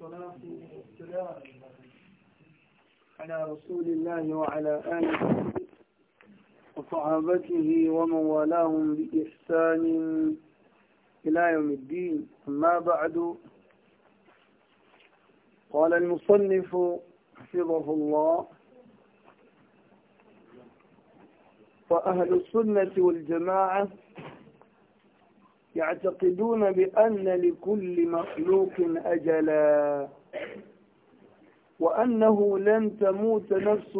والسلام على رسول الله وعلى آله وصحابته ومن والاهم بإحسان إلى يوم الدين أما بعد قال المصنف حفظه الله وأهل السنة والجماعة يعتقدون بأن لكل مخلوق أجلا وأنه لن تموت نفس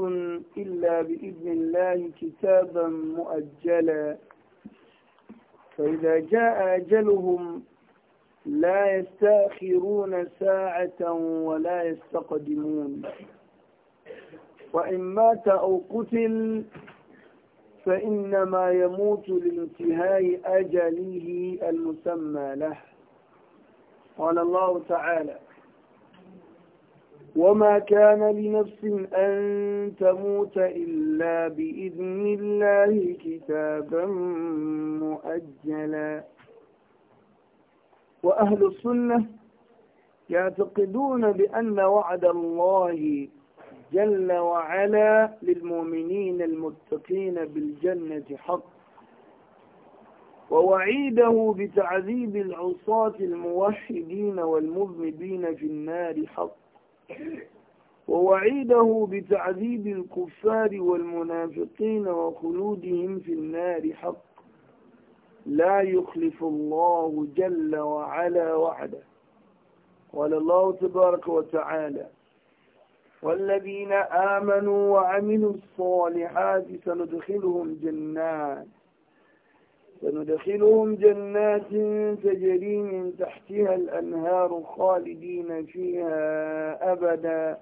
إلا بإذن الله كتابا مؤجلا فإذا جاء أجلهم لا يستأخرون ساعة ولا يستقدمون وإن مات أو قتل فإنما يموت لانتهاء أجله المسمى له قال الله تعالى وما كان لنفس أن تموت إلا بإذن الله كتابا مؤجلا وأهل السنة يعتقدون بأن وعد الله جل وعلا للمؤمنين المتقين بالجنة حق ووعيده بتعذيب العصاة الموحدين والمذنبين في النار حق ووعيده بتعذيب الكفار والمنافقين وخلودهم في النار حق لا يخلف الله جل وعلا وعده قال الله تبارك وتعالى والذين آمنوا وعملوا الصالحات سندخلهم جنات سندخلهم جنات تجري من تحتها الأنهار خالدين فيها أبدا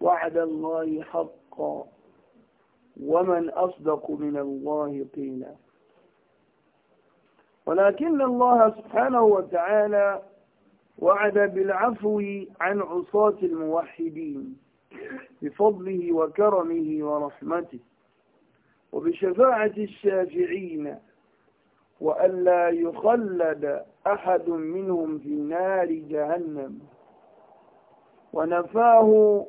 وعد الله حقا ومن أصدق من الله قيلا ولكن الله سبحانه وتعالى وعد بالعفو عن عصاة الموحدين بفضله وكرمه ورحمته وبشفاعة الشافعين وألا يخلد أحد منهم في نار جهنم ونفاه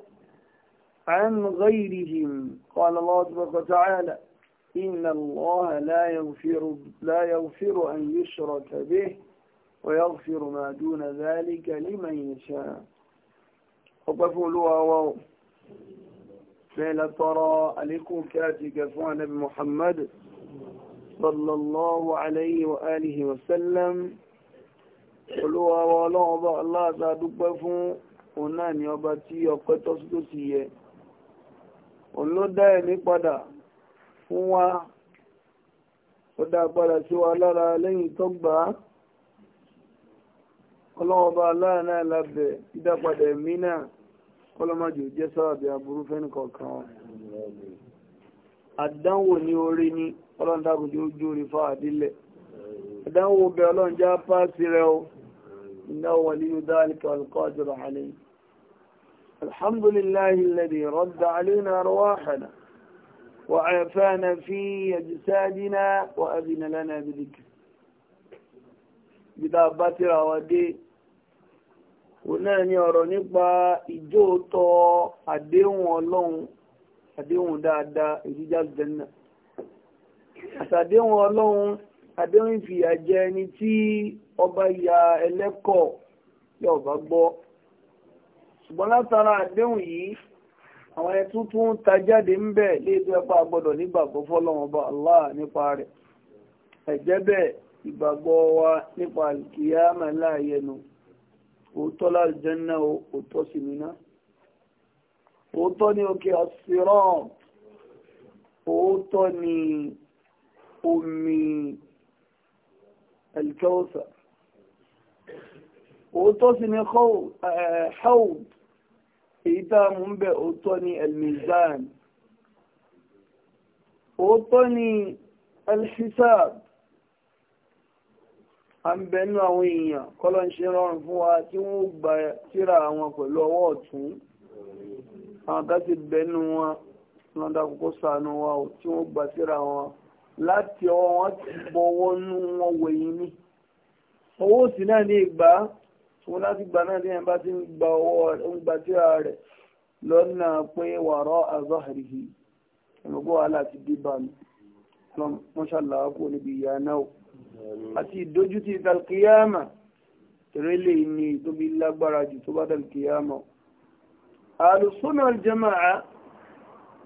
عن غيرهم قال الله تبارك وتعالى إن الله لا يغفر, لا يغفر أن يشرك به ويغفر ما دون ذلك لمن يشاء ọgbẹ́fún olúwa wa o fẹ́lẹ̀ tọrọ alékún kíláàtì gẹ̀fún anábi muhammad sallallahu alayhi wa alihi wa sallam olúwa wa ọlọ́wọ́ bá aláàtà dúpẹ́ fún òun náà ni ọba tí ọpẹ́ tọ́sítò sí yẹ òun ló dá ẹ̀mí padà fún wa ó dá padà sí wa lára lẹ́yìn tó gbàá ọlọ́wọ́ bá aláàánà lábẹ́ dídápadà ẹ̀mí náà kọ́lọ́májò jẹ́ sábàbí aburú fẹ́ni kọ̀ọ̀kan àdánwò ní orí ní ọlọ́ndàbùjú ojú orí fáàdílẹ̀ àdánwò bẹ ọlọ́njá pàṣẹ rẹ o iná wọlé yóò dá àlẹ́ الحمد لله الذي رد علينا أرواحنا وعافانا في أجسادنا وأذن لنا بذكر بدابات راودي òun náà ni ọ̀rọ̀ nípa ìjóòtọ́ àdéhùn ọlọ́run àdéhùn dáadáa ìjíjà jẹ́nà àtàdéhùn ọlọ́run àdéhùn ìfìyà jẹ ẹni tí ọba ya ẹlẹ́kọ̀ yóò bá gbọ́ ṣùgbọ́n látara àdéhùn yìí àwọn ẹni tuntun ń ta jáde ń bẹ̀ léèdú gbọ́dọ̀ nígbàgbọ́ Allah nípa rẹ̀ bẹ́ẹ̀ ìgbàgbọ́ wa nípa òótọ́ lálùjẹ́nà òótọ́ sí níná òótọ́ ní òkè ọ̀sìrọ̀ òótọ́ ní omi ẹ̀lkẹ́ọ̀sà òótọ́ sí ní haud èyí tá mú ń bẹ̀ òótọ́ ní elmizan òótọ́ ní alhisab a ń bẹnu àwọn èèyàn kọ́lọ́ ń ṣe rọrùn fún wa tí wọ́n gba síra wọn pẹ̀lú ọwọ́ ọ̀tún àwọn kan ti bẹnu wọn lọ́dà kókó sànú wa tí wọ́n gba síra wọn láti ọwọ́ wọn ti bọ̀wọ́ nú wọn wẹ̀yìn ní owó òsì náà ní ìgbà fún láti gbà náà ní ẹ̀bá tí ń gba síra rẹ̀ lọ́nà pé wàrọ́ àzọ́hìrìhì ẹ̀mọ́gbọ́ wa láti dé bá mi lọ́mọ́ṣàlá kó níbi ìyá náà àti ìdójútì ìtàlkìyàmà tẹ̀rẹ́lẹ̀ ní tóbi lágbára jù tó bá tàlkìyàmà alùsùnà aljama'a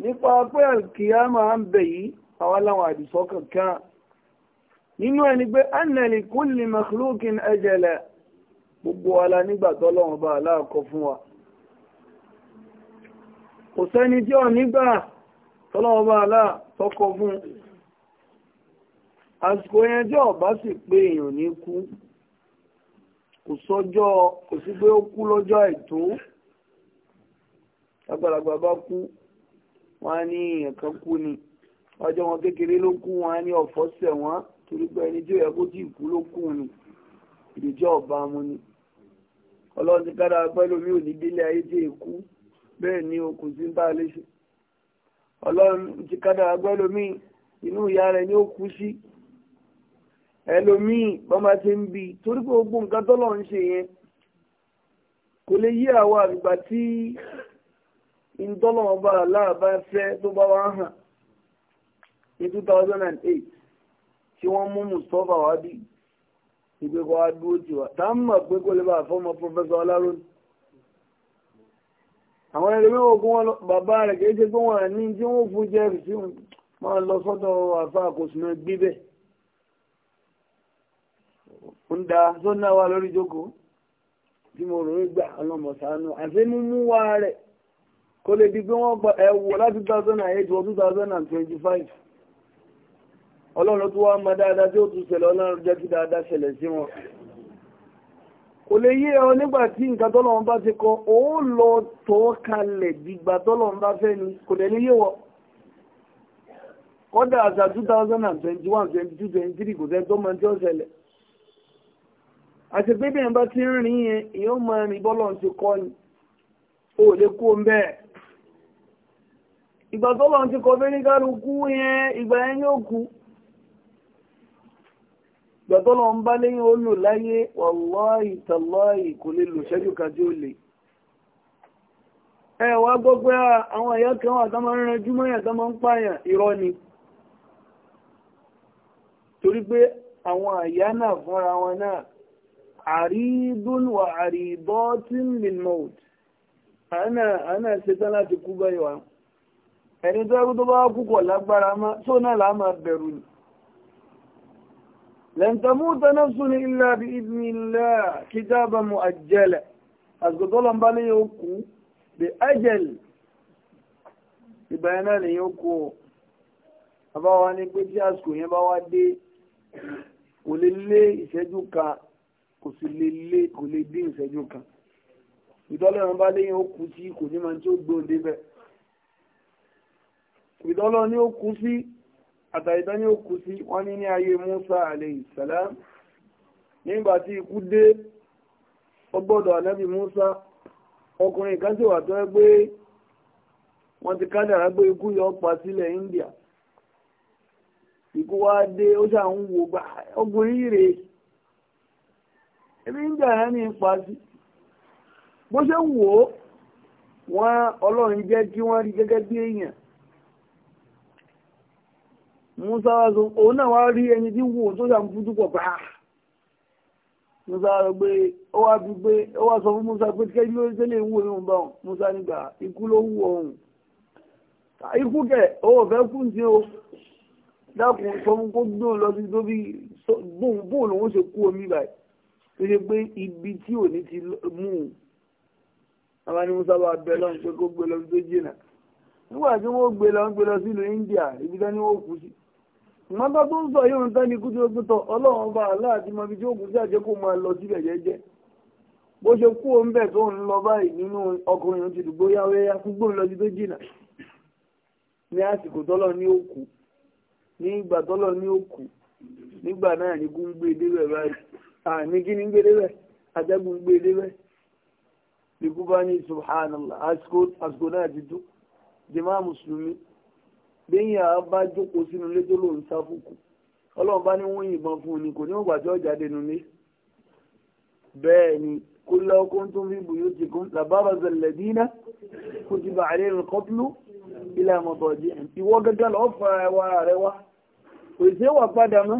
nípa pé alkìyàmà ń bẹ̀ yìí àwọn aláwọ̀ àdìsọ́ kankan nínú ẹni pé annali kulli makhlukin ajala gbogbo ala nígbà tọ́lọ́wọ́n bá aláàkọ fún wa kò sẹ́ni tí ò nígbà tọ́lọ́wọ́n bá aláà fún àsìkò yẹn jẹ́ ọ̀bá sì pé èèyàn ní kú kò sọ́jọ́ kò sí pé ó kú lọ́jọ́ àìtó àgbàlagbà bá kú wọn á ní èèyàn kú ni ọjọ́ wọn kékeré ló kú wọn á ní ọ̀fọ́ sẹ̀ wọ́n torí pé ẹni tí ó yẹ kó tí ì ló kú ni ìdíjọ́ ọ̀bá mu ni ọlọ́run ti kára pẹ́lú mi ò ní délé ayé tí èkú bẹ́ẹ̀ ni o kò sí ń bá a léṣe ọlọ́run ti kára pẹ́lú mi inú ìyá rẹ̀ ni ó kú sí. Si ẹlòmíì bọ́mọ ti ń bi torí pé gbogbo nǹkan tọ́lọ̀ ń ṣe yẹn kò lè yí àwọn àgbà tí ìtọ́lọ̀ ọba aláàbá fẹ́ tó bá wá hàn ní 2008 tí wọ́n mú Mustapha wá bí ìgbékọ̀ wá dúró ti wà tá ń mọ̀ pé kò lè bá fọ́mọ pọ́fẹ́sọ Aláròní àwọn ẹlẹ́mẹ́ ogun wọn bàbá rẹ̀ kìí ṣe pé wọ́n ní tí wọ́n fún jẹ́ fi sí máa lọ sọ́dọ̀ àfa àkóso náà gbíbẹ̀ ń da sọ́nà wa lórí jókòó tí mo rò ó gbà ọlọ́mọ̀sánú àti wa rẹ̀ kó lè di pé wọ́n gba ẹ̀wọ̀ láti 2008 wọ 2025 ọlọ́run tó wá máa dáadáa tí ó tún ṣẹlẹ̀ ọlọ́run jẹ́ kí dáadáa ṣẹlẹ̀ sí wọn kò lè yé ọ nígbà nǹkan tọ́lọ́run bá ti kọ ó lọ tó kalẹ̀ dìgbà tọ́lọ́run bá fẹ́ ni kò dẹ̀ yé wọ kọ́dà àṣà 2021 22 23 kò sẹ́ tó mọ tí ó ṣẹlẹ̀ àti pé bí ẹ̀ bá ti ń rìn yẹn máa bọ́lọ̀ kọ́ ni ó lè kó bẹ́ẹ̀ ìgbà tọ́lọ̀ ti kọ bí níkàlùkù yẹn ìgbà yẹn yóò kú ìgbà ń bá lò láyé wàláì tàláì kò lè lò ṣẹ́jú kàdí ó lè ẹ wá gbọ́ pé àwọn àyá kan wà tán máa ń ni torí pé àwọn àyá náà fúnra wọn náà àrídún wà àrídọ́ tí ń lè mọ́t àánà ṣetán láti kú báyìí wa ẹni tó ẹkú tó bá kú kọ̀ lágbára má tó náà là á máa bẹ̀rù ni lẹ́ntàmú tanáfsùn ní ilá bí ibi ilá kìtàbà mu àjẹlẹ̀ àsìkòtọ́lọ̀ ń bá ní yóò kú bí àjẹlẹ̀ ìgbà yẹn náà ni yóò kú ọ àbáwa ní pé tí àsìkò yẹn bá wá dé kò lè lé ìṣẹ́jú kan kò sì lè lé kò lè dé ìṣẹ́jú kan ìdọ́lọ́run bá léyìn ó kú sí kò ní máa tí ó gbóòdé bẹ́ẹ̀ ìdọ́lọ́run ni ó kú sí àtàìdá ni ó kú sí wọ́n ní ní ayé Musa alayhi salam nígbà tí ikú dé ó gbọ́dọ̀ ànábì Musa ọkùnrin kan sì wà tó ẹ pé wọ́n ti kádàrá pé ikú yọ pa sílẹ̀ India ikú wá dé ó ṣà wo gbà ọkùnrin yìí rèé ebi ń jà ẹ́ ní ipa sí bó ṣe ń wò ó wọ́n ọlọ́run jẹ́ kí wọ́n rí gẹ́gẹ́ bí èèyàn musa wa sọ òun náà wá rí ẹni tí wò tó ṣàn ah! musa sọ pé ó wá bí pé ó wá sọ fún musa pé kí ló ṣe lè wò yóò bá òun musa nígbà ikú ló wù òun ikú kẹ owó fẹ́ kùn sí o dákun sọ fún kó gbóhùn lọ sí tóbi bóun lòun ṣe kú omi báyìí tó ṣe pé ibi tí ò ní ti mú un àwọn ni musa bá bẹ lọ́n pé kó gbé lọ sí tó jìnà nígbà tí wọ́n gbé lọ ń gbé lọ sílùú India ibi tán ni wọ́n kú sí mọ́tò tó ń sọ yóò ń tán ní kú tí ó tún tọ ọlọ́run bá aláàtí mọ ibi tí ó kú sí àjẹkù máa lọ síbẹ̀ jẹ́jẹ́ bó ṣe kú òun bẹ̀ tó ń lọ báyìí nínú ọkùnrin ti dùgbò yáwé fún gbòòrò lọ sí tó jìnà ní àsìkò tọ́lọ̀ ní òkú ní ìgbà ní òkú nígbà náà ní kú ń gbé débẹ̀ báyìí àmì gíní gbé débẹ̀ adágún gbé débẹ̀ ikú bá ní subhanallah àsìkò náà ti tó jàmáà mùsùlùmí lẹ́yìn àbá jókòó sínú ilé tó lòun sá fúkú ọlọ́run bá ní wọ́n yìnbọn fún un ni kò ní ògbà tí ọjà dẹnu ní bẹ́ẹ̀ ni kó lọ́kọ́ tó ń fi bùyó ti kún làbábà zẹ̀lẹ̀dínà kò ti bà àrẹ rìn kọ́tùlù ilé àmọ̀tọ̀ jẹ́ ìwọ gẹ́gẹ́ lọ́ọ́ fara ẹwà rẹ wá kò padà mọ́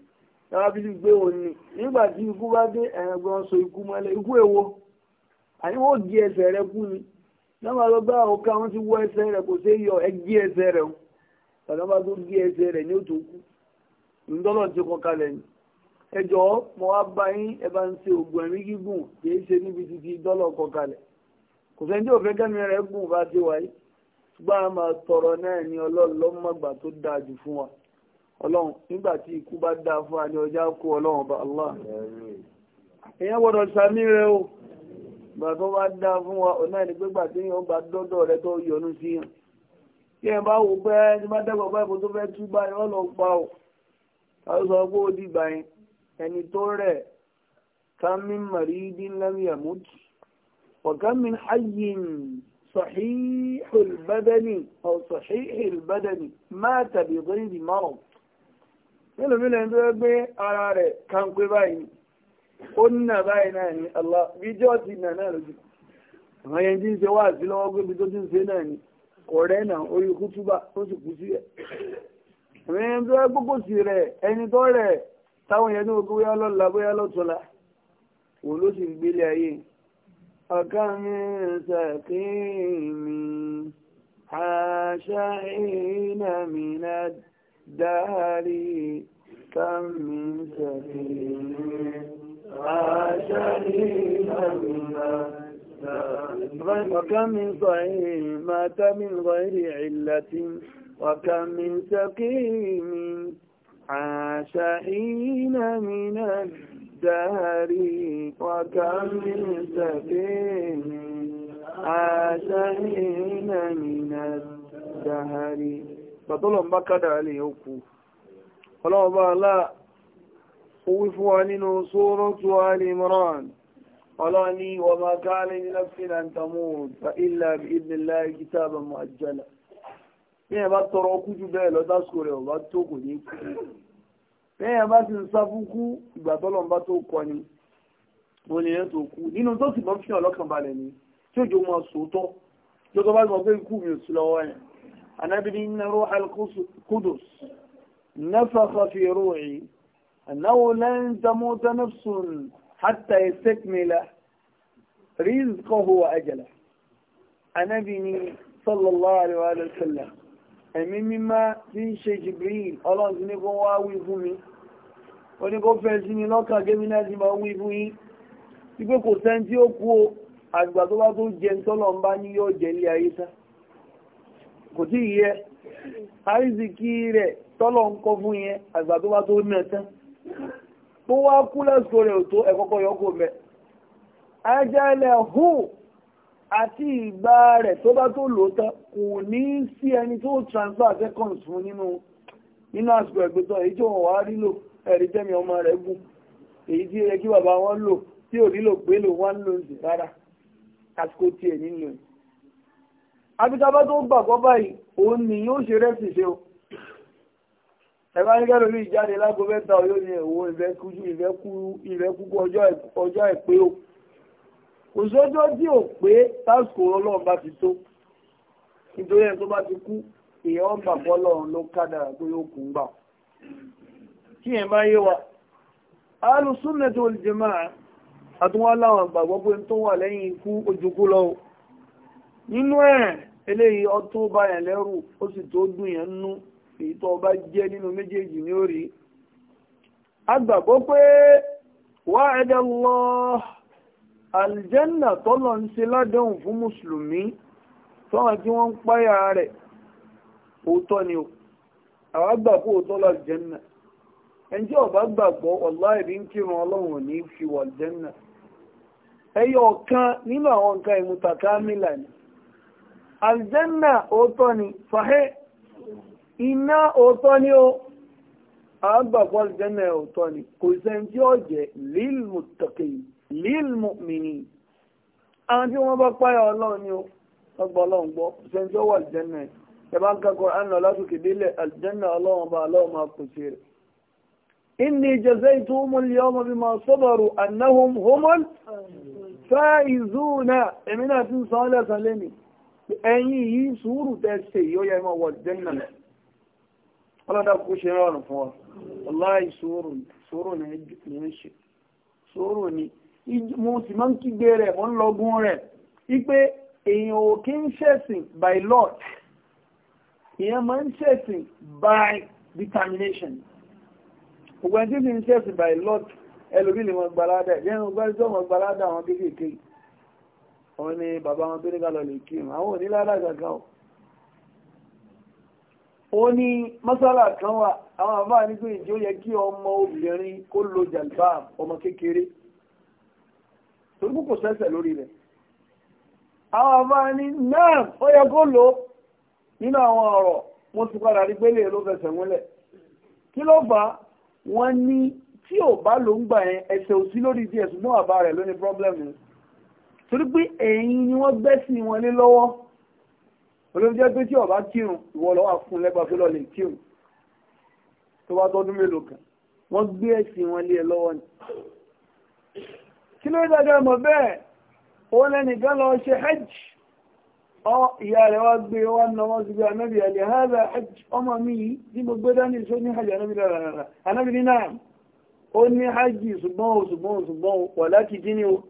lára bí ti gbé òun ni nígbà tí ikú bá dé ẹ̀rẹ̀gbọ́n so ikú mọ́lẹ̀ ikú èwo àníwò gé ẹsẹ̀ rẹ kú ni lọ́wọ́ lọ bá ọ̀ka wọn ti wọ ẹsẹ̀ rẹ kò sí yọ ẹgé ẹsẹ̀ rẹ o tàbí wọn tó gé ẹsẹ̀ rẹ ní òtò kú ńdọ́lọ̀ ti kọ kalẹ̀ ni ẹjọ́ mo wá bá yín ẹ bá ń ṣe ògùn ẹ̀mí gígùn kì í ṣe níbi ti ti dọ́lọ̀ kọ kalẹ̀ kò sẹ́ni tí òfin kẹ́mi rẹ̀ gùn bá ti wáyé ṣùgbọ́n a máa náà ní ọlọ́ọ̀lọ́mọgbà tó dáa jù fún wa ọlọ́run nígbà tí ikú bá dá fún àní ọjá kú ọlọ́run bá Allah èyàn gbọ́dọ̀ sàmí rẹ o gbà tó bá dá fún wa ọ̀nà ẹni pé gbà tí yàn bá dọ́dọ̀ rẹ tó yọnu sí yàn kí ẹ bá wò pé ẹni bá dẹ́gbọ̀ bá ìbò tó fẹ́ tú báyìí ọ lọ pa o àwọn sọ pé ó di gbà yẹn ẹni tó rẹ̀ kámi màrídí lámì àmútù ọ̀kámi ayyin sahihul badani ọ̀ sahihul badani máa tàbí gbẹ́yìn márùn-ún nílùmílẹ̀ tó gbé ara rẹ̀ kàńpé báyìí ó nà báyìí náà ní Allah bíjọ́ ti nà náà lójú àwọn yẹn tí ń ṣe wá sí lọ́wọ́ gbébi tó ti ń ṣe náà ní ọ̀rẹ́ náà orí kútúbà ó sì kú sí ẹ̀ gbogbo sí rẹ̀ ẹni tó rẹ̀ táwọn yẹn ní ogun lọ́la bóyá lọ́tọ́la wò ló sì ń gbélé ayé ọ̀ká mi àṣà داري كم من سفين عاش لي وكم من صحيح مات من غير علة وكم من سقيم عاش حين من الدهر وكم من سقيم عاش حين من الدهر gbàtọ́lọ̀ ń bá kádàrá lè yóò kú ọlọ́run bá aláà ó wí fún wa nínú Suratu Ali Imran ọlọ́run ní wa ma kana li nafsin an tamuta illa bi idhnillahi kitaban mu'ajjala bí ẹ bá tọrọ ọkú jù bẹ́ẹ̀ lọ dásìkò rẹ̀ ọba tó kò ní kú bẹ́ẹ̀ bá ti lè yẹn tó kú nínú tó sì bọ́ fi hàn lọ́kànbalẹ̀ bá ti mọ̀ pé ikú mi ò sí lọ́wọ́ yẹn anábìrì iná ruha kudus nafakha fi ruhi anáwó lẹ́yìn tamuta nafsun hatta yastakmila rizqahu wa ajala anábìrì sallallahu alaihi wa sallam ẹ̀mí mímá tí ń ṣe jibril ọlọ́run ti ní kó wá wí fún mi ó ní kó fẹ́ sí ni lọ́kàn gẹ́mínà sí máa wí fún yín tí pé kò sẹ́ni tí ó kú o àgbà tó bá tó jẹ tọ́lọ̀ ń bá ní yóò jẹ ilé ayé tán kò tí yẹ àìsìkí rẹ̀ tọ́lọ̀ ń kọ́ fún yẹn àgbà tó bá tó ní ẹ̀tán tó wá kú lẹ́sùkò rẹ̀ ò tó ẹ̀kọ́kọ́ yọkò mẹ́ ajẹ́lẹ̀ hù àti ìgbà rẹ̀ tó bá tó lò tán kò ní sí ẹni tó transfer seconds fún nínú nínú àsìkò ẹ̀gbẹ́tọ̀ èyí tí wọ́n wá nílò ẹ̀rí tẹ́mi ọmọ rẹ̀ gùn èyí tí ẹ kí bàbá wọn lò tí ò nílò pé lò wọ́n lò rárá àsìkò tiẹ̀ nílò yìí abítaba tó gbàgbọ́ báyìí òun ni yóò ṣe rẹ́sì ṣe o ẹ̀bá ní kẹ́lò rí ìjáde lágbo mẹ́ta yóò ní ẹ̀wọ̀ ìrẹ́kúkú ọjọ́ ẹ̀pẹ́ o kò sọ́jọ́ tí ò pé tásìkò ọlọ́run bá ti tó nítorí ẹ̀ tó bá ti kú èèyàn ó gbàgbọ́ ọlọ́run ló kádàrà pé ó kù gbà kí ẹ̀ máa yé wa alùsùnnà tó lè jẹ máa àtúnwá láwọn àgbàgbọ́ pé tó wà lẹ́yìn ikú ojúkú lọ́wọ́ nínú ẹ̀rẹ̀ eléyìí ọtún bá yẹn lẹ́rù ó sì tó dùn yẹn nú èyí tó ọba jẹ́ nínú méjèèjì ní ó rí wa pé wá ẹ̀dẹ̀ lọ àlìjẹ́nà tọ́lọ̀ ń ládẹ́hùn fún mùsùlùmí tọ́wọ́n tí wọ́n ń páyà rẹ̀ òótọ́ ni o àwọn gbàgbọ́ òótọ́ tí ọba gbàgbọ́ wàláhì bí ń kírun ọlọ́run ní fi wàlìjẹ́nà ẹyọ ọ̀kan nínú àwọn nǹkan aljanna òótọ́ ni fàáhẹ́ iná òótọ́ ni ó àgbàgbọ́ aljanna òótọ́ ni kò sẹ́ni tí ó jẹ́ lílmùtàkì lílmùmìnì àwọn tí wọ́n bá páyà ọlọ́run ni ó ọgbà ọlọ́run gbọ́ sẹ́ni tí ó wà aljanna ẹ̀bá إني جزيتهم اليوم بما صبروا أنهم هم الفائزون إمنا تنصالة لني ẹ̀yin yìí sùúrù tẹ́ ṣe ìyọ́yẹ mọ́ wọ jẹ́nà lẹ̀ ọlọ́dà kó ṣe rọrùn fún ọ ọláì sùúrù sùúrù ní ń by lot èèyàn máa ń ṣẹ̀sìn by determination ògbẹ́ntí sì ń ṣẹ̀sìn by lot ẹlòmí lè mọ gbalada ìjẹun gbẹ́sọ̀ mọ gbalada àwọn wọ́n ní bàbá wọn tó ní kálọ̀ lè kírun àwọn òní lára kankan ó ní mọ́sálà kan wà àwọn àbá nígbà ìjọ yẹ kí ọmọ obìnrin kó lo jalbab ọmọ kékeré torí kò sẹ́sẹ̀ lórí rẹ̀ àwọn àbá ní náà ó yẹ kó lò nínú àwọn ọ̀rọ̀ mo ti padà rí gbélé ló fẹsẹ̀ múlẹ̀ kí ló fà á wọ́n tí ò bá ló ń gbà yẹn ẹsẹ̀ òsí lórí díẹ̀ ṣùgbọ́n àbá rẹ̀ ló ní pírọ́blẹ́mù yẹn torí pé ẹ̀yin ni wọ́n gbẹ́sìn wọn lé lọ́wọ́ olóòjẹ́ pé tí ọba kírun ìwọ lọ́wọ́ fún lẹ́gbàá pé lọ́ọ́ lè kírun tó bá tọ́dún mélòó kan wọ́n gbé ẹ̀sìn wọn lé ẹ lọ́wọ́ ni. kí ló dájọ́ mọ̀ bẹ́ẹ̀ ó lẹ́nìkan lọ ṣe hajj ọ ìyá rẹ̀ wá gbé wá ná wọ́n ti gbé anábì àlè hàrà hajj ọmọ mi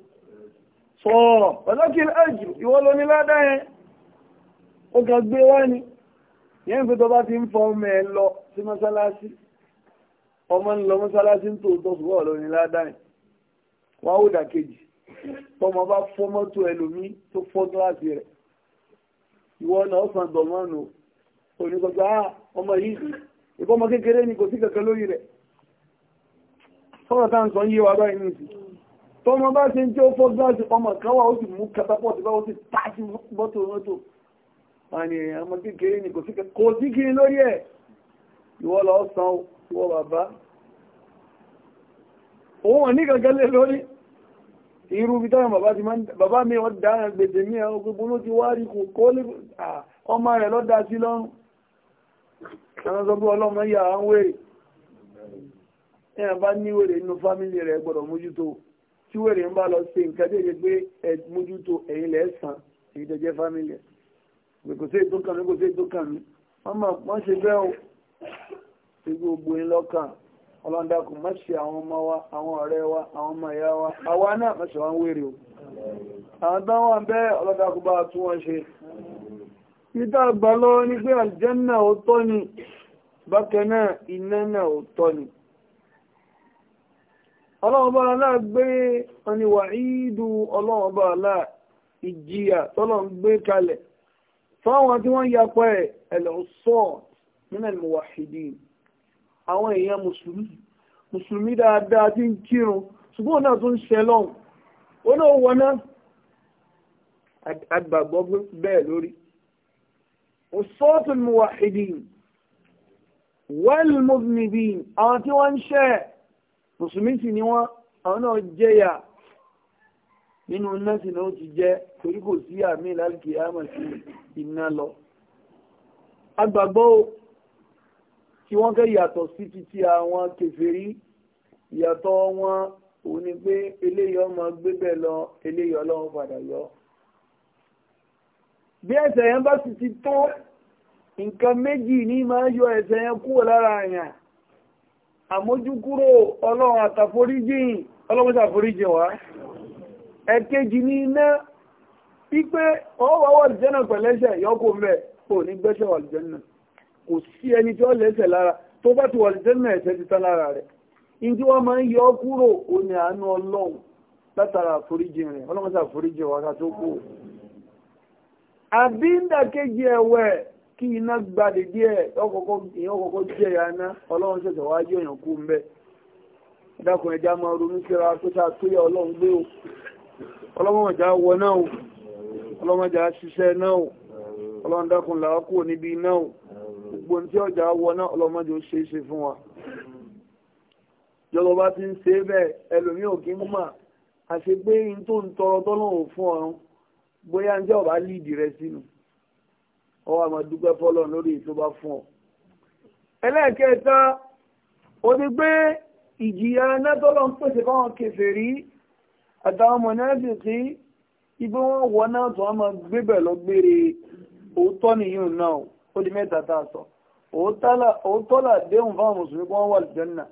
sọ̀rọ̀ pẹ̀lọ́kì ẹjù ìwọ ló ní ládá yẹn ó ga gbé wá ní yẹn fi tó bá ti ń fọ ọmọ ẹ lọ sí mọ́sálásí ọmọ ń lọ mọ́sálásí ń tòótọ́ ṣùgbọ́n ló ní ládá yẹn wá ó dà kejì tọmọ bá fọ́ ẹlòmí tó fọ́ gíláàsì rẹ̀ ìwọ náà sàn dọ̀mọ́nù onígbàgbà ah, ọmọ yìí ìbọmọ kékeré ni kò sí kankan lórí rẹ̀ sọ́rọ̀ tá ń sọ yé wa báyìí nìyí tó mọ bá ṣe ń jẹ́ ó fọ́ gíláàsì ọmọ kan wà ó sì mú katapọ́ọ̀tì bá ó sì tá sí bọ́tò mọ́tò wọn ni ọmọ kékeré ni kò sí kò sí kiri lórí ẹ̀ ìwọ lọ san ìwọ bàbá òun wọn ní kankan lé lórí irú bí táwọn bàbá ti máa ń bàbá mi wọ́n dára gbèsè mí ẹ̀ gbogbo ló ti wá rí kò kó lè ọmọ rẹ̀ lọ́dà sí lọ́rùn àwọn tí wèrè ń bá lọ ṣe nǹkan tó yẹ pé ẹ mójútó ẹ̀yin lẹ́ san èyí tó jẹ́ fámìlì ẹ̀ kò sí ètò kan mi kò sí ètò kan mi wọ́n mọ̀ wọ́n ṣe bẹ́ẹ̀ o ṣe gbogbo yín lọ́kàn ọlọ́dàkùn má ṣe àwọn ọmọ wa àwọn ọ̀rẹ́ wa àwọn ọmọ ìyá wa àwa náà má ṣe wọn wèrè o àwọn tó wọn bẹ́ẹ̀ ọlọ́dàkùn bá tún wọn ṣe títà àgbà lọ́wọ́ ní pé àlìjẹ́ náà ó tọ́ ni bákan náà iná náà ó tọ́ ni ọlọ́ọ̀bá aláà gbé ọniwà ìdú ọlọ́ọ̀bá aláà ìjìyà tọ́lọ̀ ń gbé kalẹ̀ fáwọn tí wọ́n yapa ẹ̀ ẹ̀lọ́sọ̀ nínú ìmọ̀wàhìdì àwọn èèyàn mùsùlùmí mùsùlùmí dáadáa tí ń kírun ṣùgbọ́n náà tún ṣẹ lọ́hùn ó náà wọ́n náà àgbàgbọ́ bẹ́ẹ̀ lórí ọ̀sọ́ọ̀tún mùwàhìdì wẹ́lmùbìnibìn àwọn tí wọ́n ń ṣẹ́ mùsùlùmí sì ni wọ́n àwọn náà jẹ́yà nínú nọ́ọ̀sì náà ó ti jẹ́ torí kò sí àmì láìkè àmọ̀ sí iná lọ agbàgbọ́ tí wọ́n kẹ́ yàtọ̀ sí títí àwọn kèfèrí ìyàtọ̀ wọn òun ni pé eléyìí ọmọ gbébẹ̀ lọ eléyìí ọlọ́run padà yọ bí ẹsẹ̀ yẹn bá sì ti tó nǹkan méjì ní máa yọ ẹsẹ̀ yẹn kúrò lára àyàn àmójúkúrò ọlọ́run àtàforíjìn ọlọ́run ṣàforíjìn wá ẹ̀kejì ní iná pípé ọwọ́ wà jẹ́nà pẹ̀lẹ́ṣẹ̀ yọ́kò mẹ́ ò ní gbẹ́ṣẹ̀ wà jẹ́nà kò sí ẹni tí ó lẹ́ṣẹ̀ lára tó bá ti wà jẹ́nà ẹ̀ṣẹ̀ ti tán lára wọ́n máa ń yọ kúrò ó ní àánú ọlọ́run látara àforíjìn rẹ̀ ọlọ́run ṣàforíjìn wá ká tó kú àbí ẹ̀wẹ̀ kí iná gbàdé díẹ̀ èèyàn kọ́kọ́ jẹ́ ya ná ọlọ́run ṣẹ̀ṣẹ̀ wá yí èèyàn kú mbẹ́ ẹ̀dàkùn ẹja máa ronú síra tó ṣá tó gbé o ọlọ́mọjà wọ náà o ọlọ́mọjà ṣiṣẹ́ náà o ọlọ́run kú níbi o gbogbo tí ọjà wọ náà ọlọ́mọjà ó fún wa jọlọba ti ń ṣe bẹ́ẹ̀ ẹlòmí ò kí ń mà àṣegbé tó ń tọrọ tọ́lọ́run fún ọ̀run bóyá ń jẹ́ rẹ ọ wà máa dúpẹ́ fọ́lọ́ lórí èyí tó bá fún ọ. ẹlẹ́ẹ̀kẹta ó ní pé ìjìyà anátọ́lọ́ ń pèsè fáwọn kèfèrí àtàwọn ọmọ náà sì sí ibi wọn wọ náà tó wọn máa gbébẹ̀ lọ gbére òótọ́ nìyí náà ó di mẹ́ta tá a sọ òótọ́ làdéhùn fáwọn mùsùlùmí pé wà lùjẹ́nà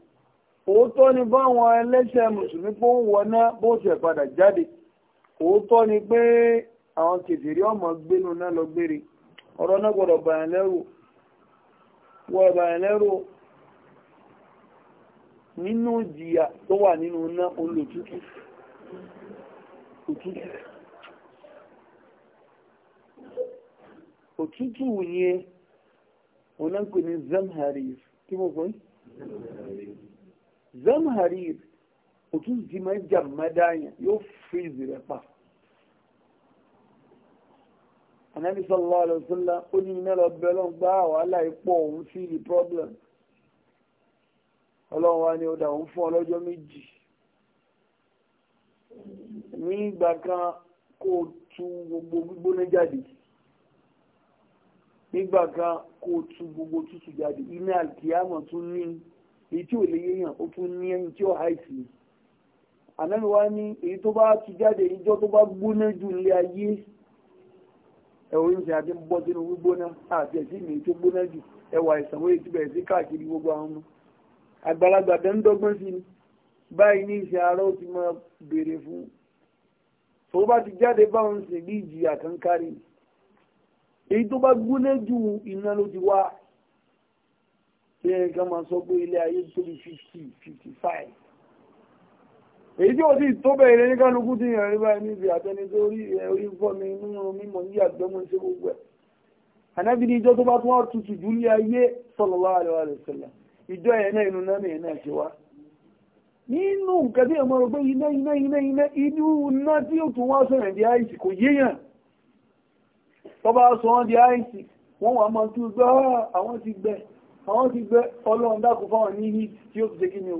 òótọ́ ni báwọn ẹlẹ́ṣẹ̀ mùsùlùmí pé ń wọ náà bó ṣe padà jáde òótọ́ ni pé àwọn kèfèrí ọmọ gbénu náà lọ ọ̀rọ̀ náà gbọ́dọ̀ bàyàn lẹ́rù gbọ́dọ̀ bàyàn lẹ́rù nínú ìjìyà tó wà nínú iná olùtútù zamharir kí mo zamharir òtútù ti máa jàm̀má dáyàn yóò fèèzì rẹ̀ pàpà anabi sallallahu alaihi wasallam ó ní iná lọ bẹ lọ́n gbá wàhálà ipò òun sí the problem ọlọ́run wa ni ó dà òun fún ọlọ́jọ́ méjì ní ìgbà kan kó o tú gbogbo gbígbóná jáde nígbà kan kó o tú gbogbo tútù jáde iná àkíyàmọ̀ tún ní èyí tí ò lè yéèyàn ó tún ní ẹni tí ó àìsí anabi wa ní èyí tó bá tú jáde ìjọ tó bá gbóná jù nílé ayé ẹ̀wọ̀ oúnjẹ àti ń bọ́ sínú gbígbóná àti ẹ̀sí mi tó gbóná jù ẹwà ìsanwó ètò bẹ̀rẹ̀ sí káàkiri gbogbo àwọn ọmọ àgbàlagbà dẹ́ńdọ́gbọ́n sí ni báyìí ní ìṣe ara ó ti máa béèrè fún tó bá ti jáde báwọn sì rí ìjìyà kan èyí tó bá gbóná jù iná ló ti wá ṣé ẹ máa sọ pé ilé ayé tóbi fifty fifty five èyí tí ó sì tó bẹ̀rẹ̀ ní kálukú ti yàn rí báyìí níbi àtẹni tó rí orí fọ́ mi nínú mímọ̀ ní àgbẹ̀mọ̀ ṣe gbogbo ẹ̀ ànábì ní ìjọ tó bá tún wá tutù jù ní ayé sallallahu alaihi wasallam ìjọ ẹ̀ náà inú náà náà ṣe wá nínú nǹkan tí ẹ̀mọ́ rògbé iná iná iná iná inú iná tí ó tún wá sọ̀rọ̀ di àìsí kò yéèyàn tó bá sọ wọ́n di àìsí wọ́n wà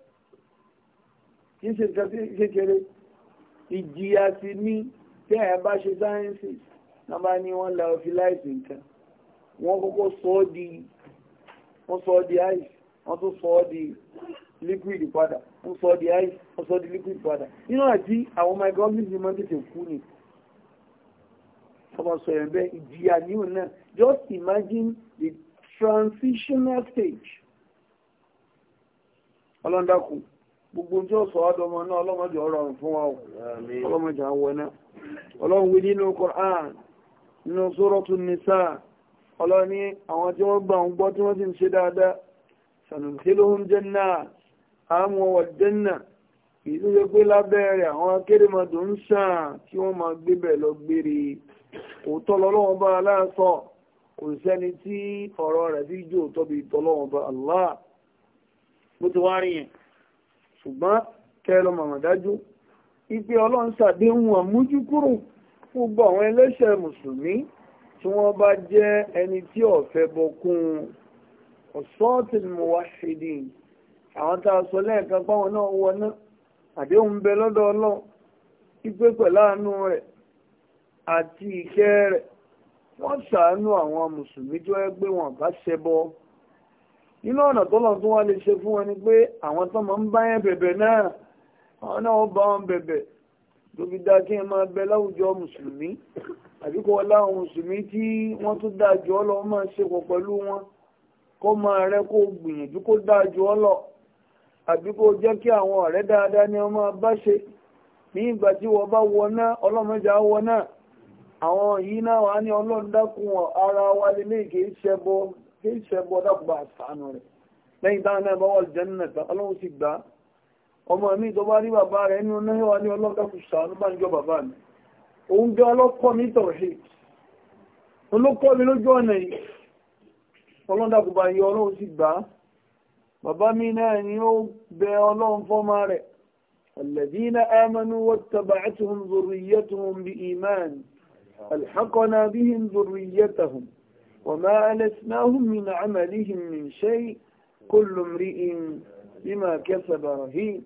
kì í kékeré ìjìyà sí ní tí ẹ̀ bá ṣe sáyẹ́ǹsì náà ní wọ́n la ọfi láìsí nǹkan wọ́n kọ́kọ́ sọ ọ́ di ice wọ́n tún sọ ọ́ di liquid padà wọ́n sọ ọ́ di ice wọ́n sọ ọ́ di liquid padà nínú àti àwọn microorganisms máa ń tètè kú ni ọmọ sọ̀rọ̀ bẹ́ẹ̀ ìjìyà níhùn náà just imagine the transitional stage ọlọ́ndàkùn gbogbo tí ó sọ ọdọmọ náà ọlọ́mọdé ọrọ̀rùn fún wa ọlọ́mọdé àwọ̀ná ọlọ́run wí nínú Qur'an nínú Suratun Nisa ọlọ́ni àwọn tí wọ́n gbà ń gbọ́ tí wọ́n sì ń ṣe dáadáa sanùkílóhun jẹ́nà àmọ́ wọ̀ jẹ́nà kì í tún ṣe pé lábẹ́rẹ̀ àwọn akérèmọdò ń sàn tí wọ́n máa bó ti wá rí yẹn ṣùgbọ́n kẹlọ mọ̀mọ̀ dájú ipe ọlọ́run ṣàdéhùn àmójúkúrò fún gbogbo àwọn ẹlẹ́ṣẹ̀ mùsùlùmí tí wọ́n bá jẹ́ ẹni tí ọ̀fẹ́ bọkún ọ̀sọ́ọ̀tì mọ̀wáṣídì àwọn tá a sọ lẹ́ẹ̀kan páwọn náà wọná àdéhùn bẹ lọ́dọ̀ ọlọ́run ipe pẹ̀láàánú rẹ̀ àti ìkẹ́ rẹ̀ wọ́n ṣàánú àwọn mùsùlùmí tó ẹgbẹ́ wọn bá ṣẹbọ nínú ọ̀nà tó lọ tún wá lè ṣe fún wọn ni pé àwọn tó máa ń bá yẹn bẹ̀bẹ̀ náà àwọn náà ó bá wọn bẹ̀bẹ̀ tó fi dá kí ẹ máa bẹ láwùjọ mùsùlùmí àbí kó láwọn mùsùlùmí tí wọ́n tún dáa jù ọ́ lọ máa ṣe pọ̀ pẹ̀lú wọn kó máa rẹ kó gbìyànjú kó dáa jù ọ́ jẹ́ kí àwọn ọ̀rẹ́ dáadáa ni wọ́n máa bá ṣe ní ìgbà tí wọ́n bá wọ náà ọlọ́mọdé wọ náà àwọn yìí náà wà ní ọlọ́run ara wa lélẹ́yìn kì í kí ìṣẹ́bọ̀ dàkùbà àtàánù rẹ̀ lẹ́yìn táwọn náà bá wà jẹ́nu nẹ̀ta ọlọ́run sì gbà ọmọ mi tó bá rí bàbá rẹ̀ inú náà wà ní ọlọ́dà kù sàánú bá ń jọ bàbá mi òun jẹ́ ọlọ́kọ́ mi tọ̀ṣe olókọ́ mi lójú ọ̀nà yìí ọlọ́dà kù bá yọ ọlọ́run sì gbà bàbá mi náà ni ó bẹ ọlọ́run fọ́mọ rẹ̀ الذين آمنوا واتبعتهم ذريتهم بإيمان ألحقنا بهم ذريتهم وما ألتناهم من عملهم من شيء كل امرئ بما كسب رهين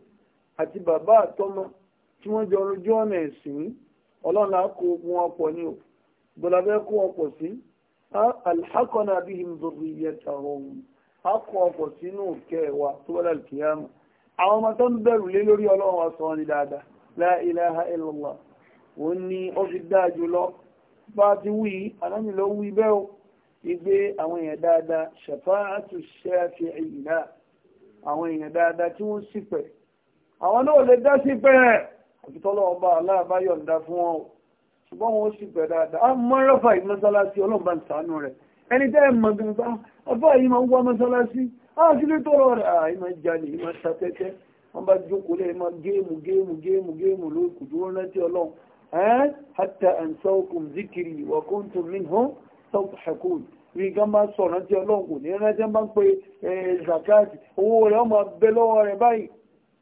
àti bàbá àtọmọ tí wọ́n jọ ojú ọ̀nà ẹ̀sìn ọlọ́run la kó wọn pọ̀ ní o bọ́lá bẹ́ẹ̀ kó wọn pọ̀ sí alhakọ́nà bíi nzọ̀rọ̀ iye tàwọn a kó wọn pọ̀ sínú kẹwàá tó wọ́n dàlù kìyàmù àwọn ọmọ tó ń bẹ̀rù lé lórí ọlọ́run wa sọ wọn dáadáa la ilaha illallah wọ́n ní ó fi dáa jùlọ bá ti wí alámi ló wí bẹ́ẹ̀ o igbe àwọn èèyàn dáadáa ṣàfáàtù ṣẹ́ẹ̀fì ìlà àwọn èèyàn dáadáa tí wọ́n ṣìpẹ̀ àwọn náà lè dá ṣìpẹ̀ àfitọ́lọ́ ọba aláàbá yọ̀ǹda fún wọn ṣùgbọ́n wọn ṣìpẹ̀ dáadáa a mọ́ rọ́fà yìí mọ́sálásí ọlọ́mọba ń ṣàánú rẹ̀ ẹni tẹ́ ẹ̀ mọ̀ bí bá ọba yìí máa ń wá mọ́sálásí àṣírí tọrọ rẹ̀ àyè máa jalè yìí máa ṣàtẹ́tẹ́ wọ́n bá jókòó lẹ́yìn máa géèmù géèmù géèmù géèmù lókùdúró rántí ọlọ́run ẹ́ hàtà àǹsọ́kùn zikiri wà kóńtùn minhum tọ́pù ẹ̀kọ́ rí gan máa sọ rántí ọlọ́run kò ní rántí máa ń pe zakat owó rẹ̀ ọmọ abẹ́ lọ́wọ́ rẹ̀ báyìí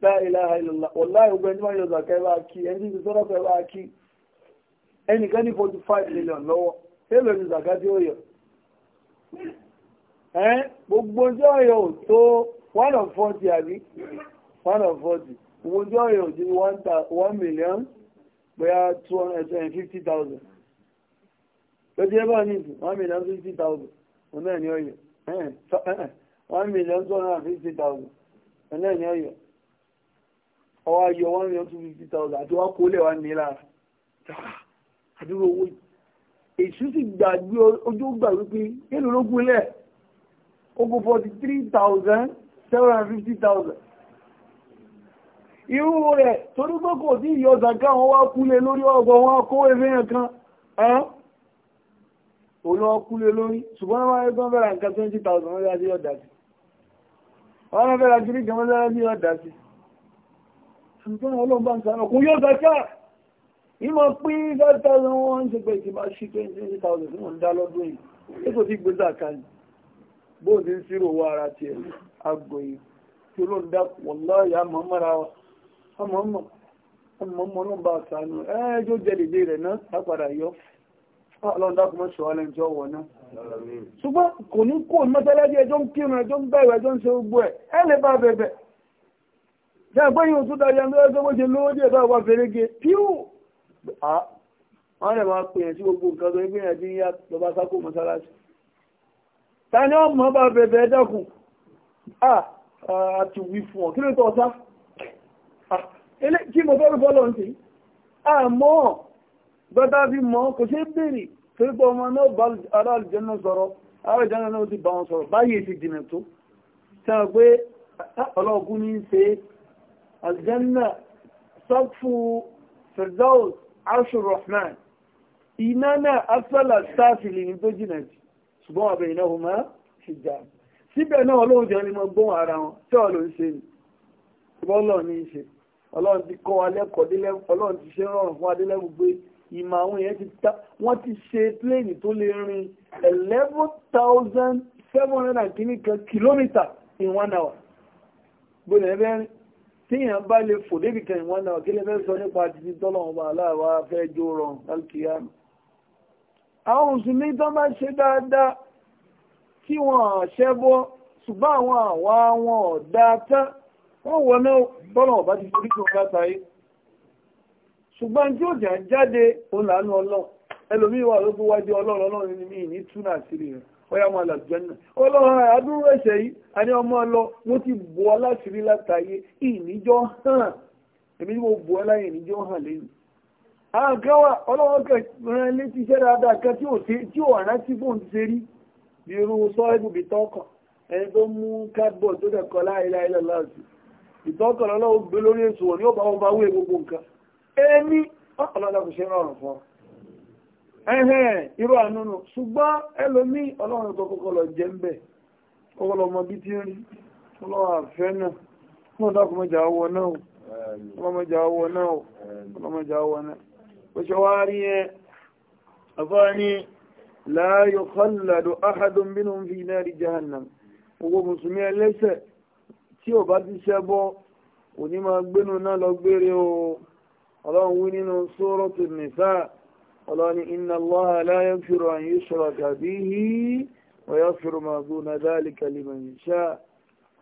la ilaha illallah wallahi ogun ẹni máa yọ zakat ẹ bá kí ẹni tí sọ́dọ̀ ẹ bá kí ẹnìkan ní forty five million lọ́wọ́ ló ti ní ìsìn one million fifty thousand òun náà ní ọyọ one àti wọ́n kó lẹ̀ wá ní lára àdúró owó èṣù sì gbàgbé ojú gbà wípé kílò ló gúnlẹ̀ ogun forty three thousand seven hundred fifty thousand irú rẹ̀ torí pé kò ìyọ̀ zaka wọn wá kúlẹ̀ lórí ọgbọ̀n wọn kó ẹgbẹ́ yẹn kan olówó kúlé lórí ṣùgbọ́n wọ́n wáyé tó ń fẹ́ra nǹkan twenty thousand wọ́n yá sí ọ̀dà sí wọ́n wọ́n fẹ́ra kiri kan wọ́n yá sí ọ̀dà sí ṣùgbọ́n ọlọ́run bá ń sàánà kò yóò gbàgbà ìmọ̀ pín five thousand one hundred pẹ̀lú ìmọ̀ sí twenty thousand fún òun dá lọ́dún yìí ètò tí gbé sàkáyì bó ti ń sírò wọ ara tiẹ̀ agbóyè tí olóhùn dá wọ̀láyà mọ́mọ́ra wa ọmọ ọmọ ọmọ ọlọ́run bá sàánà ẹ̀ẹ́dẹ́jọ́ jẹ́ dèdè rẹ̀ náà lápadà yọ ọlọ́dọ́kùnmọ́ ṣọ́ọ́lẹ́ jọ wọ̀ náà ṣùgbọ́n kò ní kó mọ́tẹ́lẹ́dí ẹjọ́ ń kírun ẹjọ́ ń bẹ̀rẹ̀ ẹjọ́ ń ṣe gbogbo ẹ̀ ẹ lè bá bẹ̀bẹ̀ jẹ́gbẹ́ yóò tún dájá ló ẹgbẹ́ wọ́n ṣe lówó díẹ̀ bá wà fẹ́rẹ́gẹ́ píù wọ́n lè máa pè sí gbogbo nǹkan tó ń gbé yẹn tí ń yá lọ́ba sákò mọ́sálásì ta ni wọ́n mọ́ bá bẹ̀bẹ̀ ẹ dákun àti wí gbọ́dá fi mọ́ kò ṣe bèèrè torí pé ọmọ náà bá ará àlùjànnà sọ̀rọ̀ ará àlùjànnà náà ti bá wọn sọ̀rọ̀ báyìí ti dìnà tó sẹ́wọ̀n pé ah, ọlọ́ọ̀kú ní í ṣe àlùjànnà sọ́fù firdaus arshur rahman iná náà asfala sáfìlì ní tó jìnà jù ṣùgbọ́n àbẹ̀ iná hùmá ṣìjà síbẹ̀ náà ọlọ́run jẹ́ ni mo gbóhùn ara wọn tí ọlọ́run ṣe ni ṣùgbọ́n ọlọ́run ní í ṣe ọlọ́run ti kọ́ wa lẹ́kọ̀ọ́ ọlọ́run ti ṣe rọrùn fún adélẹ́gbẹ̀gbẹ́ ìmọ̀ àwọn èèyàn ti ta wọ́n ti ṣe pléènì tó lè rin eleven thousand seven hundred and kìíní kan kìlómítà in one hour gbọ́dọ̀ ẹ bẹ́ẹ̀ tíyàn bá lè fò débi kan in one hour kí lè fẹ́ sọ nípa títí tọ́lọ́wọ́n bá aláwa fẹ́ jó rọrùn lálùkìyàmù àwọn mùsùlùmí tó máa ṣe dáadáa tí wọ́n ṣẹ́bọ́ ṣùgbọ́n àwọn àwa wọn ọ̀dá tán wọ́n wọ́n náà tọ́lọ̀ ọ̀bá ti forí kan látàrí ṣùgbọ́n tí ó jẹ́ jáde òun làánú ọlọ́run ẹlòmíì wà ló tó wájú ọlọ́run ọlọ́run ni mí ní túnà àṣírí rẹ̀ ọyá máa là jẹ́nà ọlọ́run adúrú ẹ̀ṣẹ̀ yìí àní ọmọ lọ mo ti bù ọ láṣìírí látàyè ìníjọ́ hàn èmi mo bù ọ láyè ìníjọ́ hàn lẹ́yìn. àwọn kan wà ọlọ́run kan rán létí iṣẹ́ dáadáa kan tí ò rántí fóun ti ṣe rí bí irú sọ́ọ́ẹ́bù bìtọ́kàn ẹni tó mú cardboard ẹni ọ̀pọ̀lọ́dọ̀ kò ṣe rọrùn fún ẹ̀hẹ́n irú ànúnù ṣùgbọ́n ẹlòmí ọlọ́run tó kọ́kọ́ lọ ń bẹ̀ kọ́kọ́lọ́ ọmọ bí tí ń rí ọlọ́run àfẹ́ náà fún ọdọ́kùnmọ́jà ọwọ́ náà ọlọ́mọjà o ala wí nínú suratul nisa ọlọ́ni inna Allaha la yaghfiru an yushraka bihi wa yaghfiru ma duna dhalika liman yasha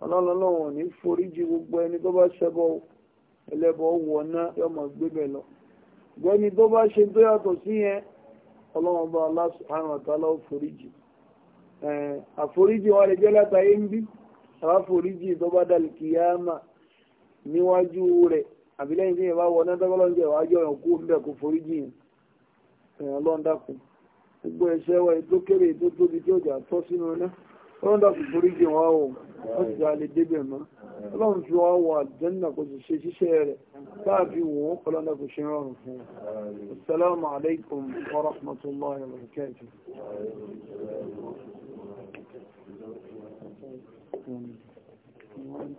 ọlọ́lọ́wọ̀n ní foríjì gbogbo ẹni tó bá ṣẹbọ ẹlẹ́bọ wọ̀ná yọmọ gbébẹ̀ lọ gbẹ́ni tó bá Allah subhanahu wa ta'ala àbí lẹ́yìn tí yẹn bá wọ náà tọ́kọ́lọ́ ń jẹ́ wàá jọ ọ̀hún kú ńbẹ̀ kó forí jìn èèyàn lọ́n dákun gbogbo ẹ̀ṣẹ̀ wa ètò kéré ètò tóbi tí ọjà tọ́ sínú iná lọ́n dákun forí jìn wá o wọ́n ti dáa lè débẹ̀ mọ́ ọlọ́run fi wá wọ àjẹ́nà kò sì ṣe ṣiṣẹ́ rẹ̀ láàfin wò ó kọ́lọ́n dákun ṣe rọrùn fún un assalamu alaikum wa rahmatullahi wa barakatuh.